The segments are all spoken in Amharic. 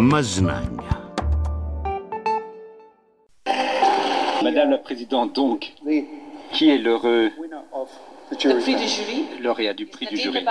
Madame la Présidente, donc, qui est l'heureux Le prix du jury Lauréat du prix du jury.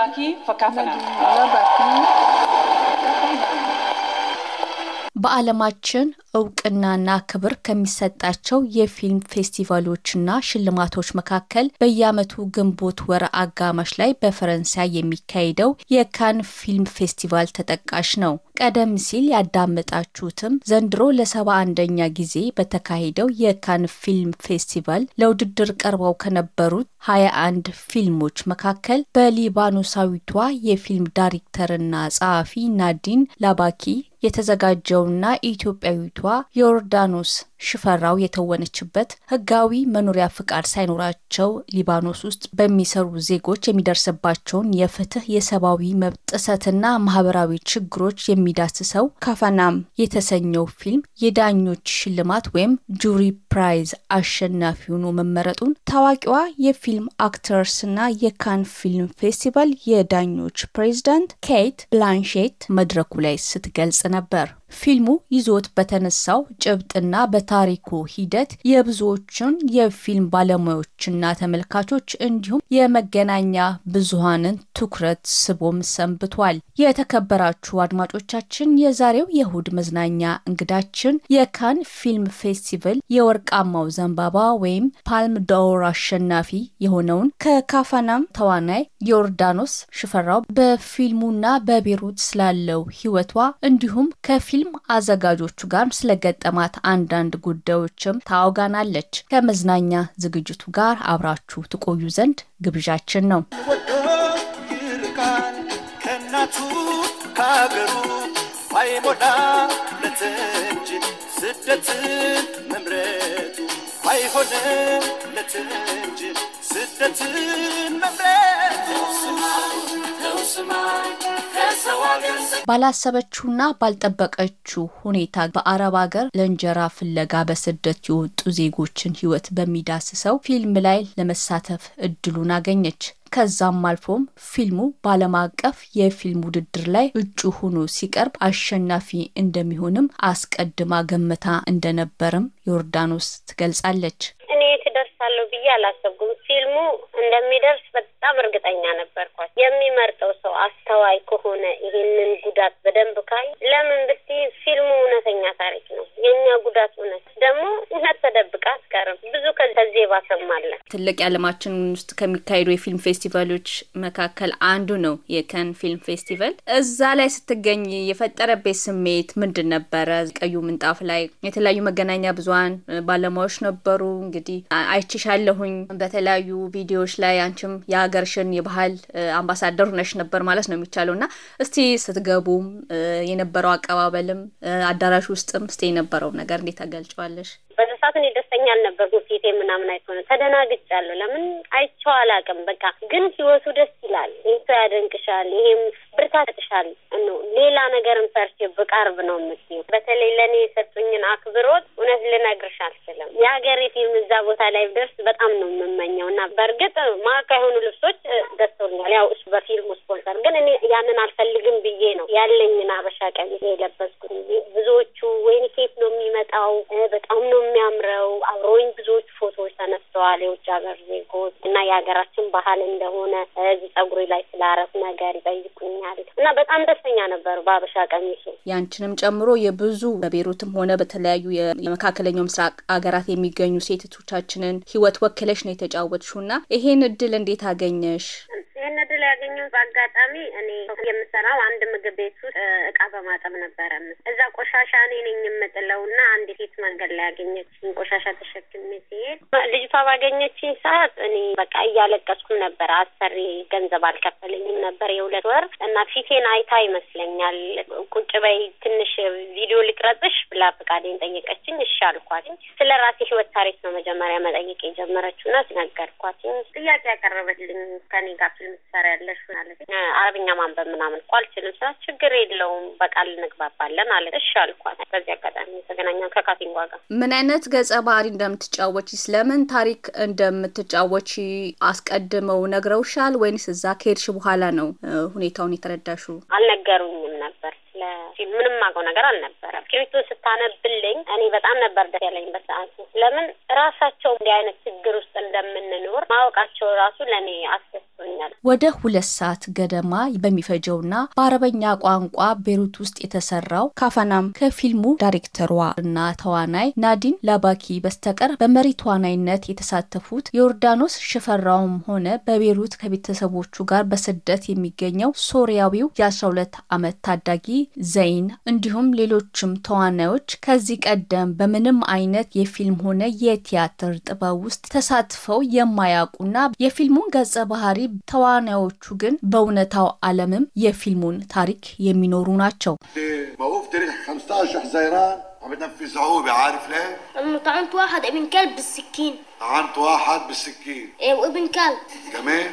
በዓለማችን እውቅናና ክብር ከሚሰጣቸው የፊልም ፌስቲቫሎችና ሽልማቶች መካከል በየዓመቱ ግንቦት ወር አጋማሽ ላይ በፈረንሳይ የሚካሄደው የካን ፊልም ፌስቲቫል ተጠቃሽ ነው። ቀደም ሲል ያዳመጣችሁትም ዘንድሮ ለሰባ አንደኛ ጊዜ በተካሄደው የካን ፊልም ፌስቲቫል ለውድድር ቀርበው ከነበሩት ሀያ አንድ ፊልሞች መካከል በሊባኖሳዊቷ የፊልም ዳይሬክተርና ጸሐፊ ናዲን ላባኪ የተዘጋጀውና ኢትዮጵያዊቷ ዮርዳኖስ ሽፈራው የተወነችበት ህጋዊ መኖሪያ ፍቃድ ሳይኖራቸው ሊባኖስ ውስጥ በሚሰሩ ዜጎች የሚደርስባቸውን የፍትህ የሰብአዊ መብት ጥሰትና ማህበራዊ ችግሮች የሚዳስሰው ካፋናም የተሰኘው ፊልም የዳኞች ሽልማት ወይም ጁሪ ፕራይዝ አሸናፊ ሆኖ መመረጡን ታዋቂዋ የፊልም አክተርስና የካን ፊልም ፌስቲቫል የዳኞች ፕሬዚዳንት ኬት ብላንሼት መድረኩ ላይ ስትገልጽ ነበር። ፊልሙ ይዞት በተነሳው ጭብጥና በታሪኩ ሂደት የብዙዎችን የፊልም ባለሙያዎችና ተመልካቾች እንዲሁም የመገናኛ ብዙሃንን ትኩረት ስቦም ሰንብቷል። የተከበራችሁ አድማጮቻችን፣ የዛሬው የእሁድ መዝናኛ እንግዳችን የካን ፊልም ፌስቲቫል የወርቃማው ዘንባባ ወይም ፓልም ዶር አሸናፊ የሆነውን ከካፋናም ተዋናይ ዮርዳኖስ ሽፈራው በፊልሙና በቤሩት ስላለው ሕይወቷ እንዲሁም ከፊል ከፊልም አዘጋጆቹ ጋር ስለገጠማት አንዳንድ ጉዳዮችም ታወጋናለች። ከመዝናኛ ዝግጅቱ ጋር አብራችሁ ትቆዩ ዘንድ ግብዣችን ነው። ከእናቱ ከአገሩ ባይሞላለት እንጂ ስደትን መምረቱ ባይሆነለት እንጂ ስደትን ባላሰበችውና ባልጠበቀችው ሁኔታ በአረብ ሀገር ለእንጀራ ፍለጋ በስደት የወጡ ዜጎችን ሕይወት በሚዳስሰው ፊልም ላይ ለመሳተፍ እድሉን አገኘች። ከዛም አልፎም ፊልሙ በዓለም አቀፍ የፊልም ውድድር ላይ እጩ ሆኖ ሲቀርብ አሸናፊ እንደሚሆንም አስቀድማ ገምታ እንደነበርም ዮርዳኖስ ትገልጻለች። ደርሳለሁ ብዬ አላሰብኩም። ፊልሙ እንደሚደርስ በጣም እርግጠኛ ነበርኳት። የሚመርጠው ሰው አስተዋይ ከሆነ ይሄንን ጉዳት በደንብ ካይ ለምን ብት ፊልሙ እውነተኛ ታሪክ ነው። የእኛ ጉዳት እውነት ደግሞ እውነት ተደብቃ አትቀርም። ብዙ ከዚህ ባሰማለን። ትልቅ የዓለማችን ውስጥ ከሚካሄዱ የፊልም ፌስቲቫሎች መካከል አንዱ ነው የከን ፊልም ፌስቲቫል። እዛ ላይ ስትገኝ የፈጠረበት ስሜት ምንድን ነበረ? ቀዩ ምንጣፍ ላይ የተለያዩ መገናኛ ብዙሀን ባለሙያዎች ነበሩ። እንግዲህ አይችሻለሁኝ በተለያዩ ቪዲዮዎች ላይ አንቺም የሀገርሽን የባህል አምባሳደር ነሽ ነበር ማለት ነው የሚቻለው እና እስቲ ስትገቡም የነበረው አቀባበልም አዳራሽ ውስጥም እስቲ የነበረው ነገር እንዴት ታገልጨዋለሽ? ሰዓት እኔ ደስተኛ አልነበርኩም። ፊቴ ምናምን አይሆነ ተደናግጫለሁ። ለምን አይቼው አላውቅም። በቃ ግን ህይወቱ ደስ ይላል። ይህ ሰው ያደንቅሻል፣ ይሄም ብርታ ጥሻል ይሰጥሻል። ሌላ ነገርን ፈርቼ ብቃርብ ነው የምትይው። በተለይ ለእኔ የሰጡኝን አክብሮት እውነት ልነግርሽ አልችልም። የሀገሬ ፊልም እዛ ቦታ ላይ ደርስ በጣም ነው የምመኘው እና በእርግጥ ማካ የሆኑ ልብሶች ደስቶኛል። ያው እሱ በፊልሙ ስፖንሰር ግን እኔ ያንን አልፈልግም ብዬ ነው ያለኝን አበሻ ቀሚስ የለበስኩት። ብዙዎቹ ወይኒ ኬት ነው የሚመጣው በጣም ነው የሚያም አምረው አብሮኝ ብዙዎች ፎቶዎች ተነስተዋል። የውጭ ሀገር ዜጎች እና የሀገራችን ባህል እንደሆነ እዚህ ጸጉሪ ላይ ስላረፍ ነገር ይጠይቁኛል እና በጣም ደስተኛ ነበሩ በአበሻ ቀሚሱ። ያንችንም ጨምሮ የብዙ በቤሩትም ሆነ በተለያዩ የመካከለኛው ምስራቅ ሀገራት የሚገኙ ሴትቶቻችንን ህይወት ወክለሽ ነው የተጫወትሹ እና ይሄን እድል እንዴት አገኘሽ? ይህን እድል ያገኘሁት በአጋጣሚ እኔ የምሰራው አንድ ምግብ ቤት ውስጥ እቃ በማጠብ ነበረ። እዛ ቆሻሻ እኔ ነኝ የምጥለው እና አንድ ሴት መንገድ ላይ ያገኘችኝ ቆሻሻ ተሸክሜ ሲሄድ ልጅቷ ባገኘችኝ ሰዓት እኔ በቃ እያለቀስኩም ነበር። አሰሪ ገንዘብ አልከፈለኝም ነበር የሁለት ወር እና ፊቴን አይታ ይመስለኛል ቁጭ በይ ትንሽ ቪዲዮ ልቅረጽሽ ብላ ፈቃዴን ጠየቀችኝ። እሺ አልኳትኝ። ስለ ራሴ ህይወት ታሪክ ነው መጀመሪያ መጠየቅ የጀመረችው እና ነገርኳትኝ። ጥያቄ ያቀረበልኝ ከኔ ጋር ፊልም ትሰሪያለሽ ማለት አረብኛ ማንበብ ምናምን እኮ አልችልም ስላት ችግር የለውም በቃል እንግባባለን አለ። እሺ አልኳት። በዚህ አጋጣሚ የተገናኘን ከካፊንጓ ጋር ምን አይነት ገጸ ባህሪ እንደምትጫወች ስለምን ታሪክ እንደምትጫወች አስቀድመው ነግረውሻል ወይንስ እዛ ከሄድሽ በኋላ ነው ሁኔታውን የተረዳሹ? አልነገሩኝም ነበር ምንም አገው ነገር አልነበረም። ስክሪፕቱን ስታነብልኝ እኔ በጣም ነበር ደስ ያለኝ በሰዓቱ። ለምን ራሳቸው እንዲህ አይነት ችግር ውስጥ እንደምንኖር ማወቃቸው ራሱ ለእኔ አስደስ ወስዶኛል። ወደ ሁለት ሰዓት ገደማ በሚፈጀውና በአረበኛ ቋንቋ ቤሩት ውስጥ የተሰራው ካፈናም ከፊልሙ ዳይሬክተሯ እና ተዋናይ ናዲን ላባኪ በስተቀር በመሪ ተዋናይነት የተሳተፉት የዮርዳኖስ ሽፈራውም ሆነ በቤሩት ከቤተሰቦቹ ጋር በስደት የሚገኘው ሶሪያዊው የ12 ዓመት ታዳጊ ዘይን እንዲሁም ሌሎችም ተዋናዮች ከዚህ ቀደም በምንም አይነት የፊልም ሆነ የቲያትር ጥበብ ውስጥ ተሳትፈው የማያውቁና የፊልሙን ገጸ ባህሪ ተዋናዮቹ ግን በእውነታው ዓለምም تارك ታሪክ የሚኖሩ ናቸው። طعنت واحد بالسكين كلب كمان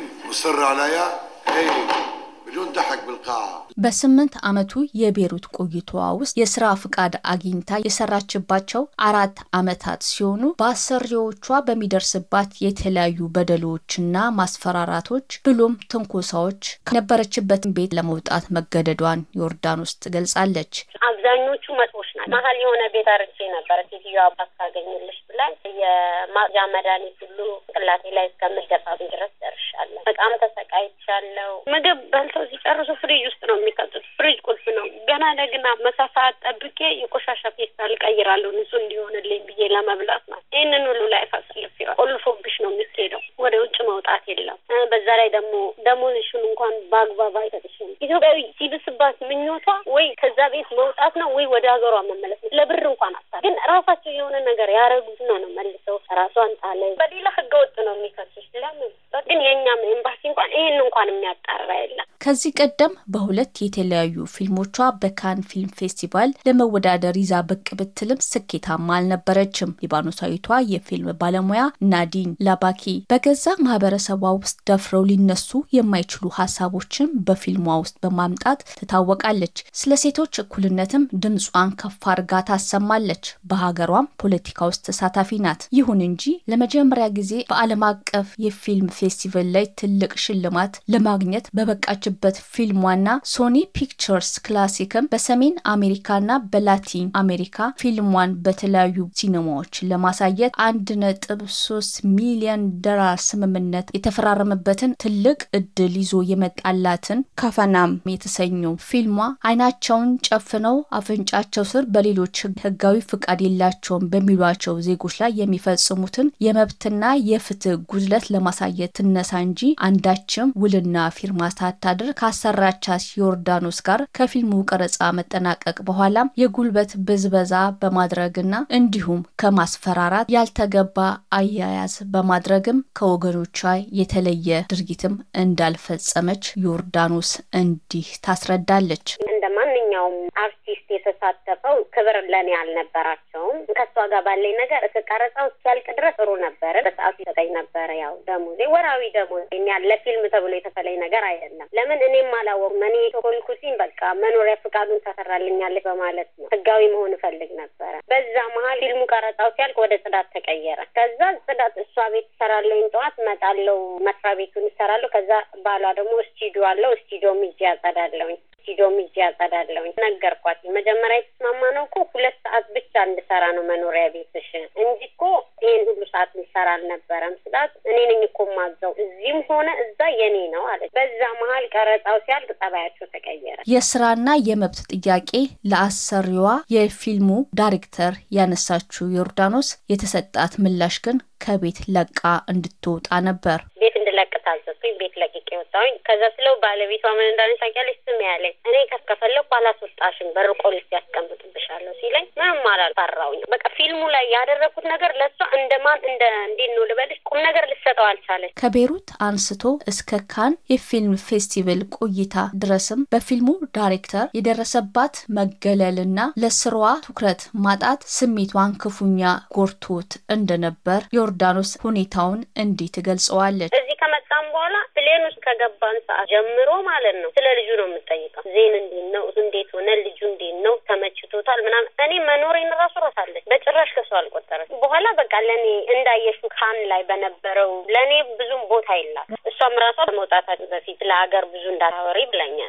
በስምንት ዓመቱ የቤሩት ቆይታዋ ውስጥ የስራ ፍቃድ አግኝታ የሰራችባቸው አራት ዓመታት ሲሆኑ በአሰሪዎቿ በሚደርስባት የተለያዩ በደሎችና ማስፈራራቶች ብሎም ትንኮሳዎች ከነበረችበትን ቤት ለመውጣት መገደዷን ዮርዳን ውስጥ ትገልጻለች። አብዛኞቹ መጥፎች ናቸው። መሀል የሆነ ቤት አርቼ ነበረ ሴትዮዋ አባት ካገኘልሽ ብላኝ የማጃ መድኃኒት ሁሉ ቅላቴ ላይ እስከምደፋብኝ ድረስ ደርሻለሁ። በጣም ተሰቃይቻለሁ። ምግብ በልቶ ሲጨርሱ ፍሪጅ ውስጥ ነው የሚከቱት። ፍሪጅ ቁልፍ ነው። ገና ለግና መሳ ጠብቄ የቆሻሻ ፌስታል ቀይራለሁ ንጹህ እንዲሆንልኝ ብዬ ለመብላት ነው። ይህንን ሁሉ ላይ አሳልፍ ቆልፎብሽ ነው የምትሄደው። ወደ ውጭ መውጣት የለም። በዛ ላይ ደግሞ ደሞዝሽን እንኳን በአግባብ አይሰጥሽም። ኢትዮጵያዊ ሲብስባት ምኞቷ ወይ ከዛ ቤት መውጣት ነው ወይ ወደ ሀገሯ መመለስ ነው። ለብር እንኳን አታ ግን ራሳቸው የሆነ ነገር ያረጉትና ነው መልሰው ራሷን ጣለ። በሌላ ህገወጥ ነው የሚከሱሽ። ለምን ግን የእኛም ኤምባሲ እንኳን ይህን እንኳን የሚያጣራ የለም። ከዚህ ቀደም በሁለት የተለያዩ ፊልሞቿ በካን ፊልም ፌስቲቫል ለመወዳደር ይዛ ብቅ ብትልም ስኬታማ አልነበረችም። ሊባኖሳዊቷ የፊልም ባለሙያ ናዲን ላባኪ በገዛ ማህበረሰቧ ውስጥ ደፍረው ሊነሱ የማይችሉ ሀሳቦችን በፊልሟ ውስጥ በማምጣት ትታወቃለች። ስለ ሴቶች እኩልነትም ድምጿን ከፍ አድርጋ ታሰማለች። በሀገሯም ፖለቲካ ውስጥ ተሳታፊ ናት። ይሁን እንጂ ለመጀመሪያ ጊዜ በዓለም አቀፍ የፊልም ፌስቲቫል ላይ ትልቅ ሽልማት ለማግኘት በበቃችበት ፊልሟና ሶኒ ፒክቸርስ ክላሲክም በሰሜን አሜሪካና በላቲን አሜሪካ ፊልሟን በተለያዩ ሲኒማዎች ለማሳየት አንድ ነጥብ 3 ሚሊዮን ዶላር ስምምነት የተፈራረመበትን ትልቅ እድል ይዞ የመጣላትን ካፈናም የተሰኘው ፊልሟ አይናቸውን ጨፍነው አፍንጫቸው ስር በሌሎች ህጋዊ ፍቃድ የላቸውም በሚሏቸው ዜጎች ላይ የሚፈጽሙትን የመብትና የፍትህ ጉድለት ለማሳየት ትነሳ እንጂ አንዳችም ውልና ፊርማ ሳታድር ካሰራቻት ዮርዳኖስ ጋር ከፊልሙ ቀረጻ መጠናቀቅ በኋላም የጉልበት ብዝበዛ በማድረግና እንዲሁም ከማስፈራራት ያልተገባ አይ አያያዝ በማድረግም ከወገኖቿ የተለየ ድርጊትም እንዳልፈጸመች ዮርዳኖስ እንዲህ ታስረዳለች። አርቲስት የተሳተፈው ክብር ለእኔ አልነበራቸውም። ከእሷ ጋር ባለኝ ነገር እስቀረጻው እስኪያልቅ ድረስ ጥሩ ነበረ። በሰዓቱ ይሰጠኝ ነበረ። ያው ደሞዜ ወራዊ ደሞዜ ለፊልም ተብሎ የተፈለኝ ነገር አይደለም። ለምን እኔም አላወቅኩም። እኔ ቶኮልኩሲን በቃ መኖሪያ ፍቃዱን ታሰራልኛለች በማለት ነው። ህጋዊ መሆን እፈልግ ነበረ። በዛ መሀል ፊልሙ ቀረጻው ሲያልቅ ወደ ጽዳት ተቀየረ። ከዛ ጽዳት እሷ ቤት ትሰራለኝ፣ ጠዋት መጣለው፣ መስሪያ ቤቱን ይሰራለሁ። ከዛ ባሏ ደግሞ ስቱዲዮ አለው፣ ስቱዲዮም ይዤ ያጸዳለሁኝ። ሂዶም እጅ ያጸዳለሁ ነገርኳት። መጀመሪያ የተስማማ ነው እኮ ሁለት ሰዓት ብቻ እንድሰራ ነው መኖሪያ ቤትሽ እንጂ እኮ ይህን ሁሉ ሰዓት ልሰራ አልነበረም ስላት እኔ ነኝ እኮ ማዘው እዚህም ሆነ እዛ የኔ ነው አለች። በዛ መሀል ቀረጻው ሲያልቅ ጠባያቸው ተቀየረ። የስራና የመብት ጥያቄ ለአሰሪዋ የፊልሙ ዳይሬክተር ያነሳችው ዮርዳኖስ የተሰጣት ምላሽ ግን ከቤት ለቃ እንድትወጣ ነበር። ቤት እንድለቅ ታዘ ደርሶብኝ ቤት ለቅቄ ወጣሁኝ። ከዛ ስለው ባለቤቷ ምን እንዳለች ታውቂያለሽ? ስም ያለኝ እኔ ከፈለኩ አላስወጣሽም በር ቆልፌ ያስቀምጥብሻለሁ ሲለኝ ምንም አላልፈራውኝ። በቃ ፊልሙ ላይ ያደረግኩት ነገር ለእሷ እንደማን እንደ እንዴት ነው ልበልሽ ቁም ነገር ልሰጠው አልቻለች። ከቤሩት አንስቶ እስከ ካን የፊልም ፌስቲቫል ቆይታ ድረስም በፊልሙ ዳይሬክተር የደረሰባት መገለልና ለስሯ ትኩረት ማጣት ስሜቷን ክፉኛ ጎርቶት እንደነበር ዮርዳኖስ ሁኔታውን እንዲህ ትገልጸዋለች። ፕሌን ውስጥ ከገባን ሰዓት ጀምሮ ማለት ነው ስለ ልጁ ነው የምጠይቀው። ዜን እንዴት ነው እንዴት ሆነ ልጁ እንዴት ነው ተመችቶታል ምናምን። እኔ መኖሬን ራሱ ረሳለች። በጭራሽ ከሰው አልቆጠረች። በኋላ በቃ ለእኔ እንዳየሹ ካን ላይ በነበረው ለእኔ ብዙም ቦታ የላት እሷም ራሷ ከመውጣታችን በፊት ለሀገር ብዙ እንዳታወሪ ብለኛል።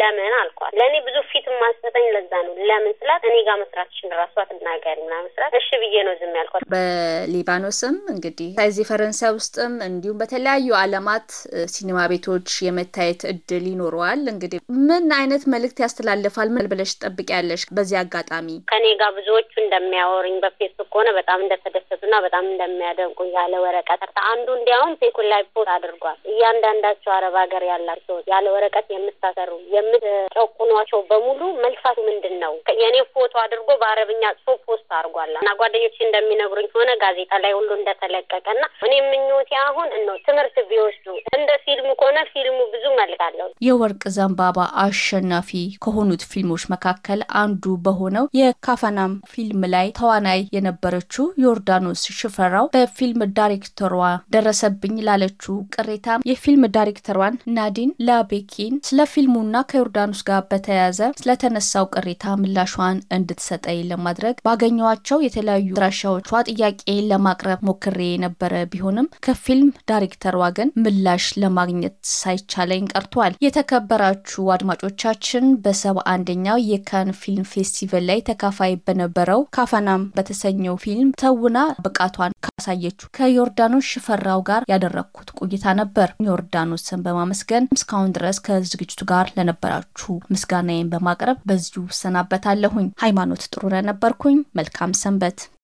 ለምን አልኳት። ለእኔ ብዙ ፊት ማሰጠኝ ለዛ ነው። ለምን ስላት እኔ ጋር መስራትሽን ራሷ ትናገሪ ምናምን ስላት እሺ ብዬ ነው ዝም ያልኳት። በሊባኖስም እንግዲህ ከዚህ ፈረንሳይ ውስጥም እንዲሁም በተለያዩ አለማት ሲኒማ ቤቶች የመታየት እድል ይኖረዋል። እንግዲህ ምን አይነት መልእክት ያስተላልፋል ምን ብለሽ ትጠብቂያለሽ? በዚህ አጋጣሚ ከእኔ ጋር ብዙዎቹ እንደሚያወሩኝ በፌስቡክ ከሆነ በጣም እንደተደሰቱና በጣም እንደሚያደንቁ ያለ ወረቀት አንዱ እንዲያውም ፌኩን ላይ ፖስት አድርጓል እያንዳንዳቸው አረብ ሀገር ያላቸው ያለ ወረቀት የምታሰሩ የምትጨቁኗቸው በሙሉ መልሳቱ ምንድን ነው? የኔ ፎቶ አድርጎ በአረብኛ ጽ ፖስት አድርጓል እና ጓደኞች እንደሚነግሩኝ ከሆነ ጋዜጣ ላይ ሁሉ እንደተለቀቀ እና እኔ ምኞቴ አሁን ነው ትምህርት ቢወስዱ እንደ ፊልሙ ከሆነ ፊልሙ ብዙ መልክ አለው። የወርቅ ዘንባባ አሸናፊ ከሆኑት ፊልሞች መካከል አንዱ በሆነው የካፈናም ፊልም ላይ ተዋናይ የነበረችው ዮርዳኖስ ሽፈራው በፊልም ዳይሬክተሯ ደረሰብኝ ላለችው ቅሬታ የፊልም ዳይሬክተሯን ናዲን ላቤኪን ስለ ፊልሙና ከዮርዳኖስ ጋር በተያያዘ ስለተነሳው ቅሬታ ምላሿን እንድትሰጠኝ ለማድረግ ባገኘዋቸው የተለያዩ ድራሻዎቿ ጥያቄ ለማቅረብ ሞክሬ የነበረ ቢሆንም ከፊልም ዳይሬክተሯ ግን ምላሽ ለማግኘት ሳይቻለኝ ቀርቷል። የተከበራችሁ አድማጮቻችን በሰባ አንደኛው የካን ፊልም ፌስቲቫል ላይ ተካፋይ በነበረው ካፈናም በተሰኘው ፊልም ተውና ብቃቷን ካሳየችው ከዮርዳኖስ ሽፈራው ጋር ያደረግኩት ቆይታ ነበር። ዮርዳኖስን በማመስገን እስካሁን ድረስ ከዝግጅቱ ጋር ለነበራችሁ ምስጋናዬን በማቅረብ በዚሁ እሰናበታለሁኝ። ሃይማኖት ጥሩ ነበርኩኝ። መልካም ሰንበት።